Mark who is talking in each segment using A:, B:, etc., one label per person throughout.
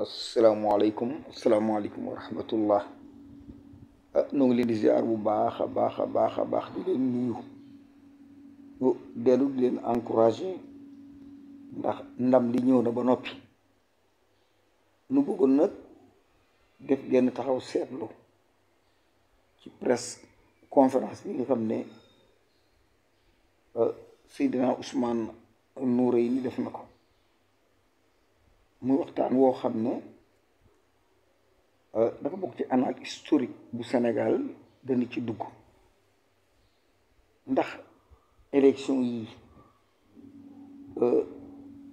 A: asalaamaaleykum asalaamaaleykum wa rahmatullah ah, nu ngi leen di ziar bu baax a baax a baax a baax di leen nuyu dellu di leen encouragé ndax ndam li ñëw na ba noppi nu bëggoon nag def genn taxaw seetlu ci presse conférence bi nga xam ne ah, Seydina Ousmane Noureyni def na ko muy waxtaan woo xam ne euh, dafa bokk ci annales historique bu Sénégal dana ci dugg ndax élection yi euh,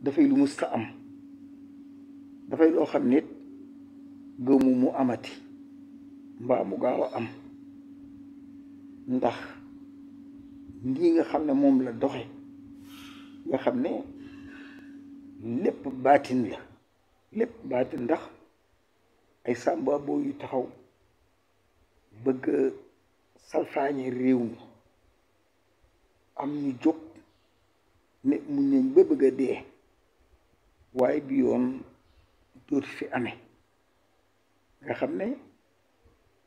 A: dafay lu mus sa am dafay loo xam nit gëmu mu amati mbaa mu gaaw a am ndax lii nga xam ne moom la doxe nga xam ne lépp baatin la lépp baati ndax ay sàmba yu taxaw bëgg salfaañe réew mi am ñu jóg ne mu nañ ba bëgg a dee waaye bi yoon dooti fi amee nga xam ne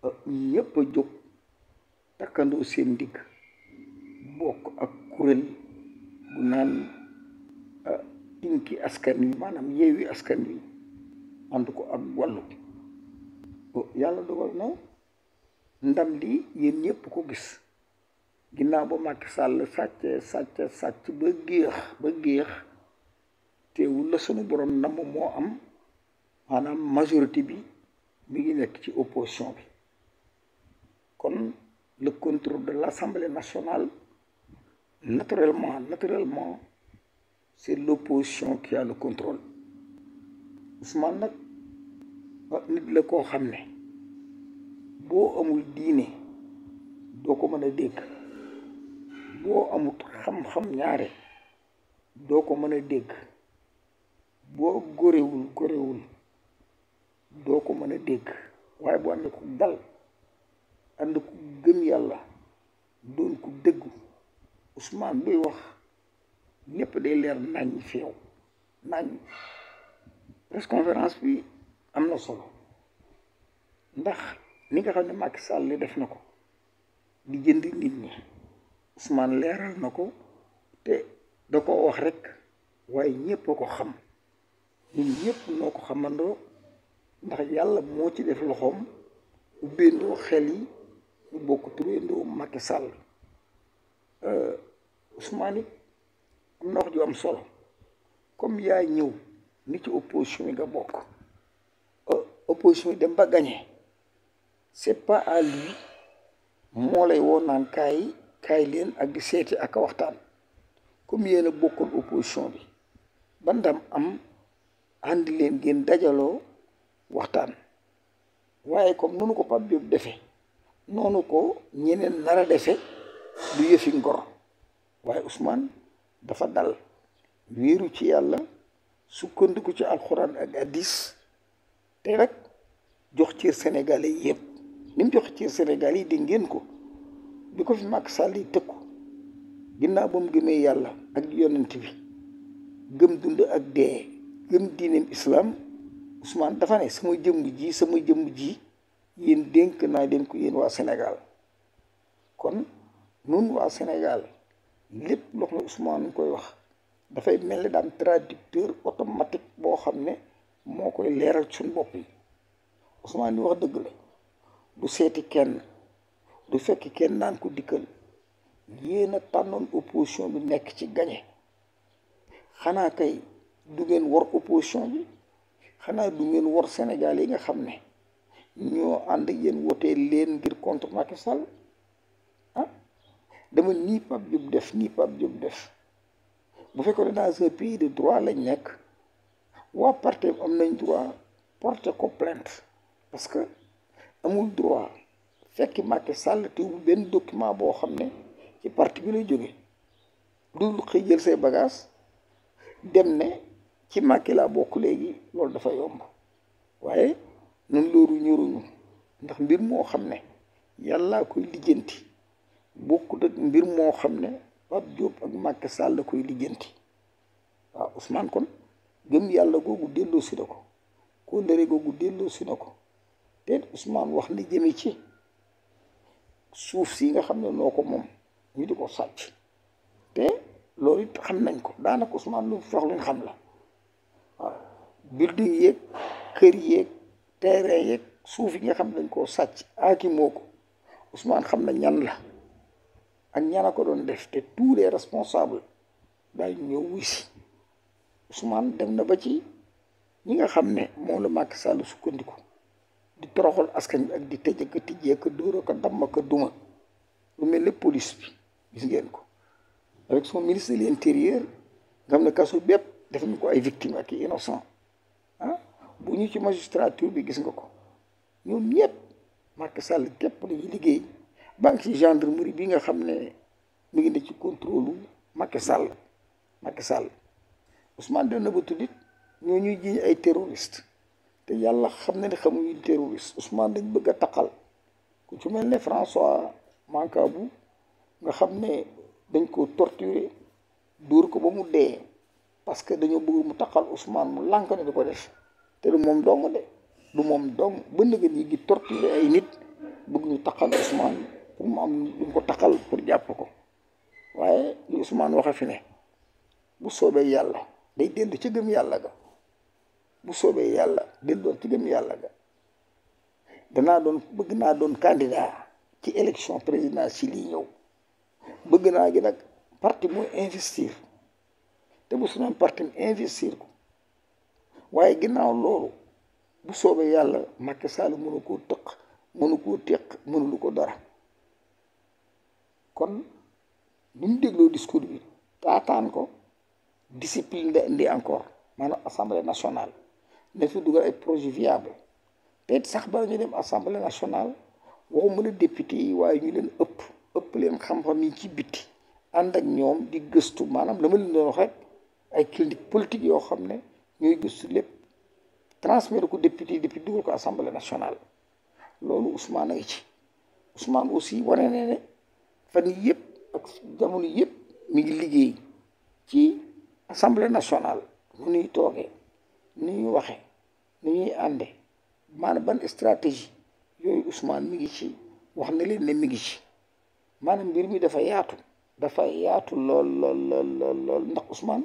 A: euh, ñépp a jóg takkandoo seen ndigg bokk ak kuréel bu naan tinki euh, askan wi maanaam yeewi askan wi ànd ko ak wàllu yàlla dogal na ndam li yéen ñëpp ko gis ginnaaw ba Macky Sall sàcce sàcce sàcc ba géex ba géex teewul la sunu borom namm moo am maanaam majorité bi mu ngi nekk ci opposition bi kon le contrôle de l'Assemblée nationale naturellement naturellement c'est l'opposition qui a le contrôle Ousmane nag nit la koo xam ne boo amul diine doo ko mën a dégg boo amut xam-xam ñaare doo ko mën a dégg boo góorewul góorewul doo ko mën a dégg waaye bu ànd ku dal ànd ku gëm yàlla doon ku dëggu Ousmane buy wax lépp day leer nañ fi yow nañ presse conférence bi am na solo ndax ni nga xam ne Macky Sall def na ko di jënd nit ñi Ousmane leeral na ko te da ko wax rekk waaye ñëpp a ko xam ñun ñëpp noo ko xamandoo ndax yàlla moo ci def loxoom ubbeendoo xel yi ñu bokk tureendoo Macky Sall euh, Ousmane it am ju am solo comme yaa ñëw ni ci opposition yi nga bokk euh, opposition yi dem ba gañe c'est pas à lui moo lay woo naan kaay kaay leen ak di seeti ak waxtaan comme yéen a bokkoon opposition bi ba ndam am ànd leen ngeen dajaloo waxtaan waaye comme noonu ko Pape Diop defe noonu ko ñeneen nar a defe du yëfi ngoro waaye Ousmane dafa dal wéeru ci yàlla sukkandiku ci alxuraan ak addis te rek jox ci sénégalais yépp li jox ci senegal yi dégg ngeen ko bi ko fi Macky Sall yi tëkku ginnaaw ba mu gëmee yàlla ak yonent bi gëm dund ak dee gëm diineem islam Ousmane dafa ne sama jëmm ji sama jëmm ji yéen dénk naa leen ko yéen waa senegal kon nun waa Sénégal lépp loo xam ne Ousmane koy wax dafay mel ni daan traducteur automatique boo xam ne moo koy leeral suñu bopp yi Ousmane wax dëgg la du seeti kenn du fekk kenn naan ko dikkal yéen a tànnoon opposition bi nekk ci gañe xanaa kay du ngeen war opposition bi xanaa du ngeen war Sénégal yi nga xam ne ñoo ànd yéen wooteel leen ngir contre Macky Sall ah dama nii Pape Diop def nii Pape Diop def bu fekkoon ne dans un pays de droit lañ nekk waa parti am nañ droit porter ko parce que amul droit fekk Macky Sall teewul benn document boo xam ne ci parti bi lay jóge du xëy jël say bagaas dem ne ci Macky laa bokk léegi loolu dafa yomb waaye ñun loolu ñoruñu ndax mbir moo xam ne yàllaa koy lijjanti bokkut ak mbir moo xam ne Pape Diop ak Macky Sall la koy lijjanti waaw Ousmane kon gëm yàlla googu delloo si na ko kóllëre googu delloo si na ko te Ousmane wax li jëme ci suuf si nga xam ne noo ko moom ñu di ko sàcc te loolu it xam nañ ko daanaka Ousmane lu sox luñ xam la waaw building yeeg kër yeeg terrain yeeg suuf yi nga xam dañ koo sàcc aaki moo ko Ousmane xam na ñan la ak ñan a ko doon def te tous les responsables daay ñëw wuy si Ousmane dem na ba ci ñi nga xam ne moom la Macky Sall sukkandiku di toroxal askan bi ak di tëj ak tijjee ak dóor ak damm ak duma lu mel ne police bi gis ngeen ko avec son ministre de l'intérieur nga xam ne kaso bépp def ko ay victime ak i innocent ah ñu ci magistrature bi gis nga ko ñoom ñëpp Macky Sall képp la ñuy liggéey banque ci gendarmerie bi nga xam ne mu ngi ne ci contrôle lu Macky Sall Macky Sall Ousmane dana ba tuddit ñoo ñuy jiiñ ay terroriste te yàlla xam na ne xamuñu terroriste Ousmane dañ bëgg a taqal ku ci mel ne François Mancabou nga xam ne dañ ko torturer dóor ko ba mu dee parce que dañoo bëgg mu taqal Ousmane mu lànk ne di ko def te du moom dong de du moom dong ba nëgën yi gi torturer ay nit bëgg ñu taqal Ousmane pour mu am lu ko taqal pour jàpp ko waaye li Ousmane waxe fi ne bu soobee yàlla day dend ca gëm yàlla ga bu soobee yàlla delluwaat ci gëm yàlla ga danaa doon bëgg naa doon candidat ci élection présidentielle yi ñëw bëgg naa gi nag parti mooy investir te bu suñu parti investir ko waaye ginnaaw loolu bu soobee yàlla Macky Sall mënu koo tëq mënu koo teq mënulu ko dara kon bu mu dégloo discours bi taataan ko discipline la indi encore maanaam assemblée nationale nañ fi dugal ay projet viable peut-être sax bala ñu dem assemblée nationale waxuma ne député yi waaye ñu leen ëpp ëpp leen xam-xam yi ci biti ànd ak ñoom di gëstu maanaam lama ma leen doon rek ay clinique politique yoo xam ne ñooy gëstu lépp transmettre ko député yi depuis dugal ko assemblée nationale loolu Ousmane a ngi ci Ousmane aussi wane ne ne fan yëpp ak jamono yëpp mi ngi liggéey ci assemblée nationale mu nuy toogee ni ñu waxe ni ñuy ànde maanaam ban stratégie yooyu Ousmane mi ngi ci wax na leen ne mi ngi ci maanaam mbir mi dafa yaatu dafa yaatu lool lool lool lool ndax Ousmane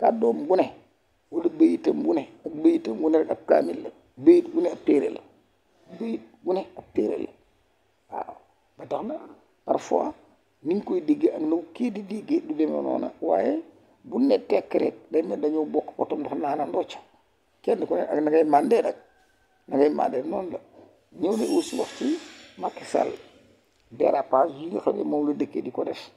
A: kàddoom bu ne wala bu ne ak bëyitam bu ne rek la bëyit bu ne téere la bëyit téere la waaw tax na parfois ni ñu koy déggee ak na kii di déggee du demee noona waaye bu ne tekk rek day mel dañoo bokk potom ndox naana ndocca kenn ko ne ak na ngay mandé rek na ngay mandé noonu la ñëw ne aussi wax ci Macky Sall dérapage yi nga xam ne moom la dëkkee di ko def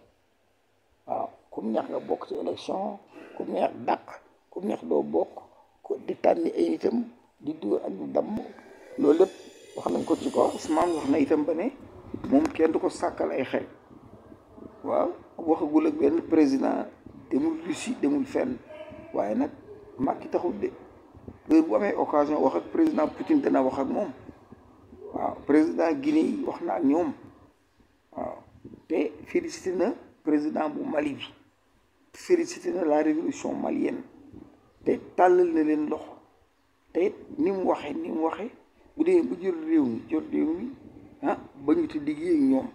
A: waaw ku mu neex nga bokk ci élection ku mu neex dàq ku mu neex doo bokk di tànni ay itam di dóor ak di damm loolu lépp wax nañ ko ci ko Ousmane wax na itam ba ne moom kenn du ko sàkkal ay xel waaw waxagul ak benn président demul Russie demul fenn waaye nag Macky taxul de heure bu amee occasion wax ak président Poutine dana wax ak moom waaw président Guinée yi wax na ak ñoom waaw te félicité na président bu Mali bi félicité na la révolution malienne te tàllal na leen loxo te ni mu waxee ni mu waxee bu dee bu jël réew mi jot réew mi ah ba ñu te liggéey ñoom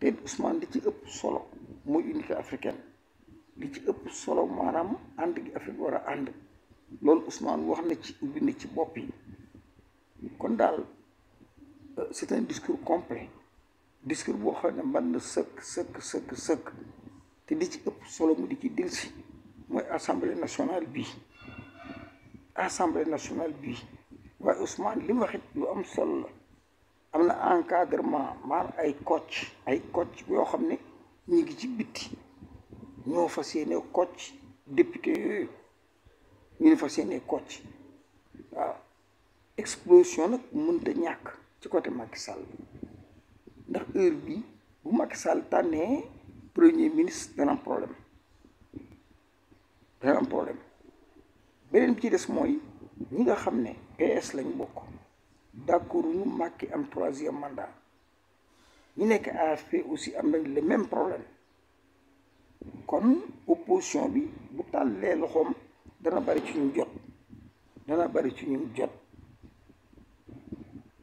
A: te Ousmane di ci ëpp solo mooy unité africaine li ci ëpp solo maanaam ànd gi Afrique war a ànd loolu Ousmane wax na ci ubbi na ci bopp yi kon daal euh, c'est un discours complet discours boo xam ne mën na sëkk sëkk sëkk sëkk te di ci ëpp solo mu di ci delsi mooy assemblée nationale bii assemblée nationale bi waaye Ousmane li mu waxit lu am sol la am na encadrement maanaam ay coach ay coach yoo xam ne ñu ngi ci bitti ñoo fas yéene coach député ñu defar seeni kocc waaw explosion nag mënta ñàkk ci côté Macky Sall ndax heure bi bu Macky Sall tànnee premier ministre dana problème dana problème beneen bi ci des mooy ñi nga xam ne PS lañ bokk d'accord ñu Macky am troisième mandat ñu nekk AFP aussi am nañ le même problème kon opposition bi bu tàllee loxoom dana bari ci ñu jot dana bari ci ñu jot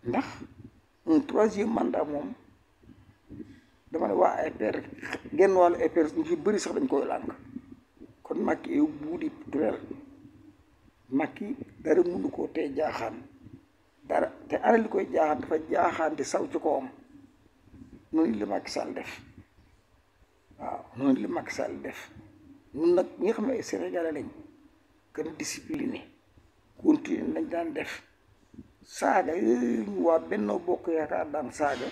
A: ndax un troisième mandat moom dama ne waa APR genn wàllu APR ñu ci bëri sax dañ koy làng kon Macky yow buudi tureel Macky dara mënu koo tee jaaxaan dara te ana li koy jaaxaan dafa jaaxaan te saw ci kawam noonu li Macky Sall def waaw noonu li Macky Sall def ñun nag ñi nga xam ne ay Sénégalais lañ gën a discipliné continuer lañ daan def saaga yooyu ñu waa Benno Bokk Yaakaar daan saaga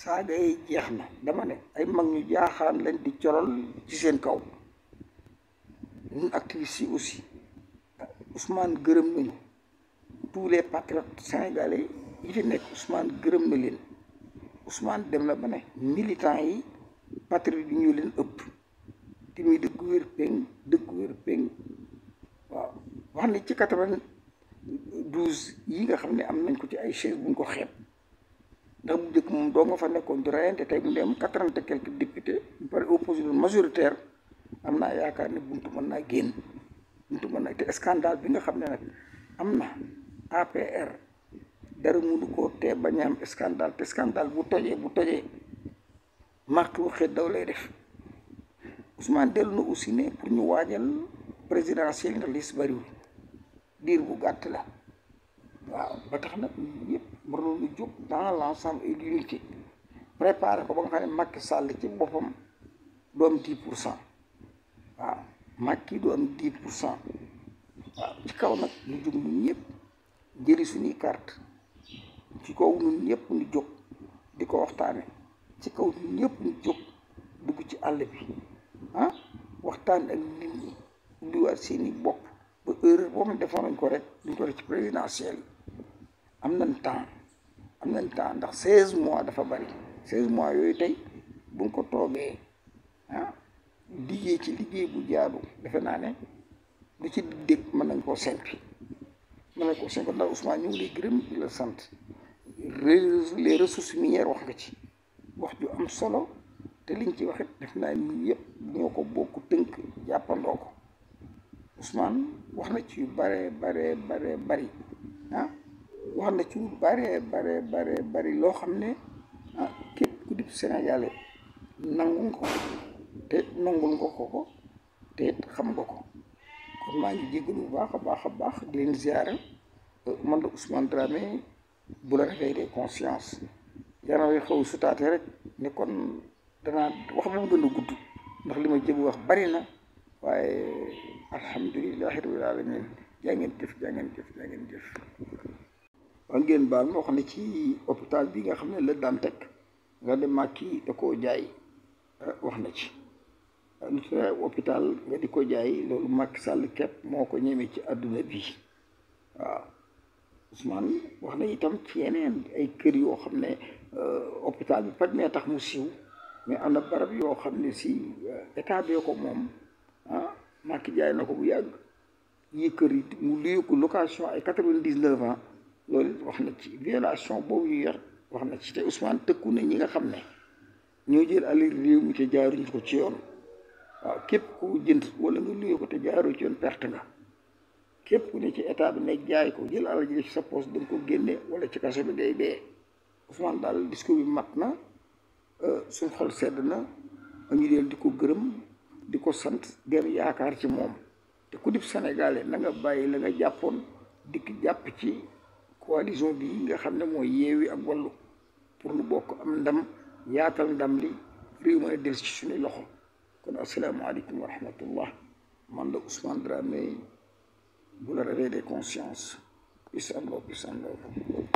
A: saaga yi jeex na dama ne ay mag ñu jaaxaan lañ di coral ci seen kaw ñun activistes yi aussi Ousmane gërëm nañu tous les patriotes sénégalais yi fi nekk Ousmane gërëm na leen Ousmane dem na ba ne militants yi patriotes yi ñoo leen ëpp te muy dëgg wér peng dëgg wér peng waaw wax ni ci quatre-vingt-douze yi nga xam ne am nañ ko ci ay chaise buñ ko xeeb ndax mu njëkk moom doo nga fa nekkoon di rayante tey mu ne am quatre-vingt et quelques députés par opposition majoritaire am naa yaakaar ne buntu mën naa génn buntu mën naa te bi nga xam ne nag am na APR dara mënu koo tee bañ a am scandale te scandale bu tojee bu tojee màq waxee daw lay def Ousmane dellu na aussi ne pour ñu waajal présidentielle ndax lis bariwul diir bu gàtt la waaw ba tax nag yëpp mënoon na jóg dans l' ensemble et l'unité ko ba nga xam ne Macky Sall ci boppam du am 10 pour cent waaw Macky du am 10 pour cent waaw ci kaw nag ñu jóg ñun ñëpp jëli suñuy carte ci kaw ñun ñëpp ñu jóg di ko waxtaane ci kaw ñun ñëpp ñu jóg dugg ci àll bi ah, waxtaan ak nit ñi luwaat seeni bopp ba erreur boo xam defoon nañ ko rek duñ ko rek ci présidentielle am na temps am nañ temps ndax seize mois dafa bari seize mois yooyu tey buñ ko toogee ah liggéey ci liggéey bu jaaru defe naa ne lu ci dégg mën nañ koo sempi mën nañ koo sempi ndax Ousmane ñu ngi lay gërëm di sant les ressources minières wax nga ci wax ju am solo te li liñ ci waxit def naa ni yëpp ñoo ko bokk tënk jàppandoo ko Ousmane wax na ci yu bare bare bare bari ah. wax na ci yu bare bare bare bari loo xam ne ah képp ku dib Sénégalais nangu nga ko te nangul nga ko ko te xam nga ko kon maa ngi jégalu bu baax a baax a baax di leen ziara euh, man la Ousmane Dramé bu la réveil des consciences yaram yi xaw sutaate rek ne kon dana wax ba mu gën gudd ndax li ma jëg wax bari na waaye alhamdulilahi rabil alamin jaa ngeen jëf jaa ngeen jëf jaa ngeen jëf baa ngeen baal ma wax ne ci hôpital bi nga xam ne la daan teg nga dem Macky da koo jaay euh, wax na ci euh, lu sa hôpital nga di ko jaay loolu Macky sàll képp moo ko ñemee ci àdduna bi waaw Ousmane wax na itam ci yeneen ay kër yoo xam ne euh, hôpital bi paj mee tax mu siiw mais am na yoo xam ne si état bee ko moom ah Macky jaay na ko bu yàgg yi kër yi mu luye ko location ay quatre-vingt-dix-neuf ans loolu wax na ci violation boobu ñu yor wax na ci te Ousmane tëkku na ñi nga xam ne ñoo jël alal réew mi te jaaruñ ko ci yoon waaw képp ku jënd wala nga luye ko te ci yoon perte képp ku ne ci état bi nekk jaay ko jël alal ji ci sa poste da nga ko génne wala ci kaso bi day dee Ousmane daal discours bi mat na euh, suñ xol sedd na ñu deel di ko gërëm di ko sant dem yaakaar ci moom te ku dib sénégalais na nga bàyyi la nga jàppoon dikk jàpp ci coalition bi nga xam ne mooy yeewi ak wallu pour lu bokk am ndam yaatal ndam li réew ma a del ci suñu loxo kon asalaamaaleykum wa rahmatullah man la Ousmane Dramé bu la réveil des consciences peace and